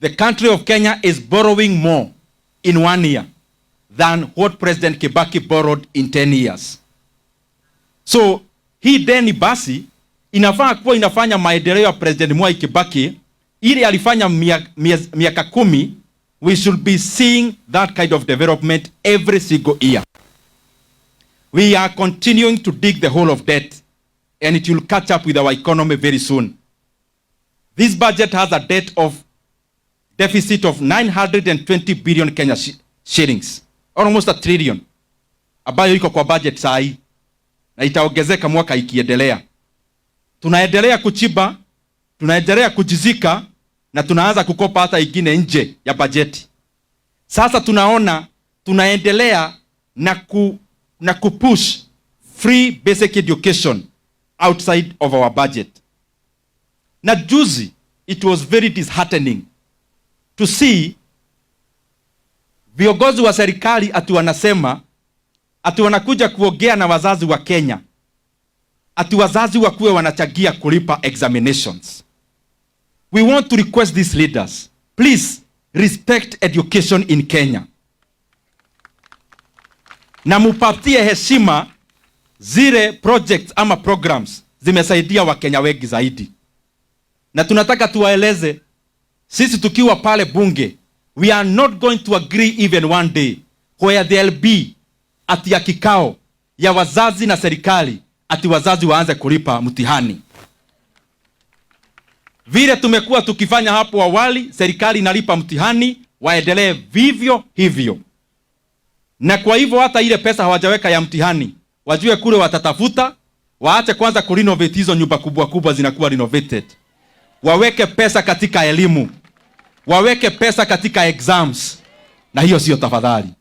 The country of Kenya is borrowing more in one year than what President Kibaki borrowed in 10 years. So hii deni basi inafaa kuwa inafanya maendeleo ya President Mwai Kibaki ile alifanya miaka kumi. We should be seeing that kind of development every single year. We are continuing to dig the hole of debt and it will catch up with our economy very soon. This budget has a debt of deficit of 920 billion Kenya sh shillings, almost a trillion, ambayo iko kwa budget saa hii na itaongezeka mwaka ikiendelea. Tunaendelea kuchimba, tunaendelea kujizika na tunaanza kukopa hata ingine nje ya bajeti. Sasa tunaona tunaendelea na, ku, na kupush free basic education outside of our budget. Na juzi it was very disheartening to see viongozi wa serikali ati wanasema ati wanakuja kuongea na wazazi wa Kenya ati wazazi wakuwe wanachagia kulipa examinations. We want to request these leaders, please respect education in Kenya na mupatie heshima zile projects ama programs zimesaidia Wakenya wengi zaidi, na tunataka tuwaeleze sisi tukiwa pale bunge, we are not going to agree even one day where there'll be ati ya kikao ya wazazi na serikali ati wazazi waanze kulipa mtihani vile tumekuwa tukifanya hapo awali. Serikali inalipa mtihani, waendelee vivyo hivyo. Na kwa hivyo hata ile pesa hawajaweka ya mtihani, wajue kule watatafuta, waache kwanza kurenovate hizo nyumba kubwa kubwa zinakuwa renovated waweke pesa katika elimu, waweke pesa katika exams, na hiyo siyo tafadhali.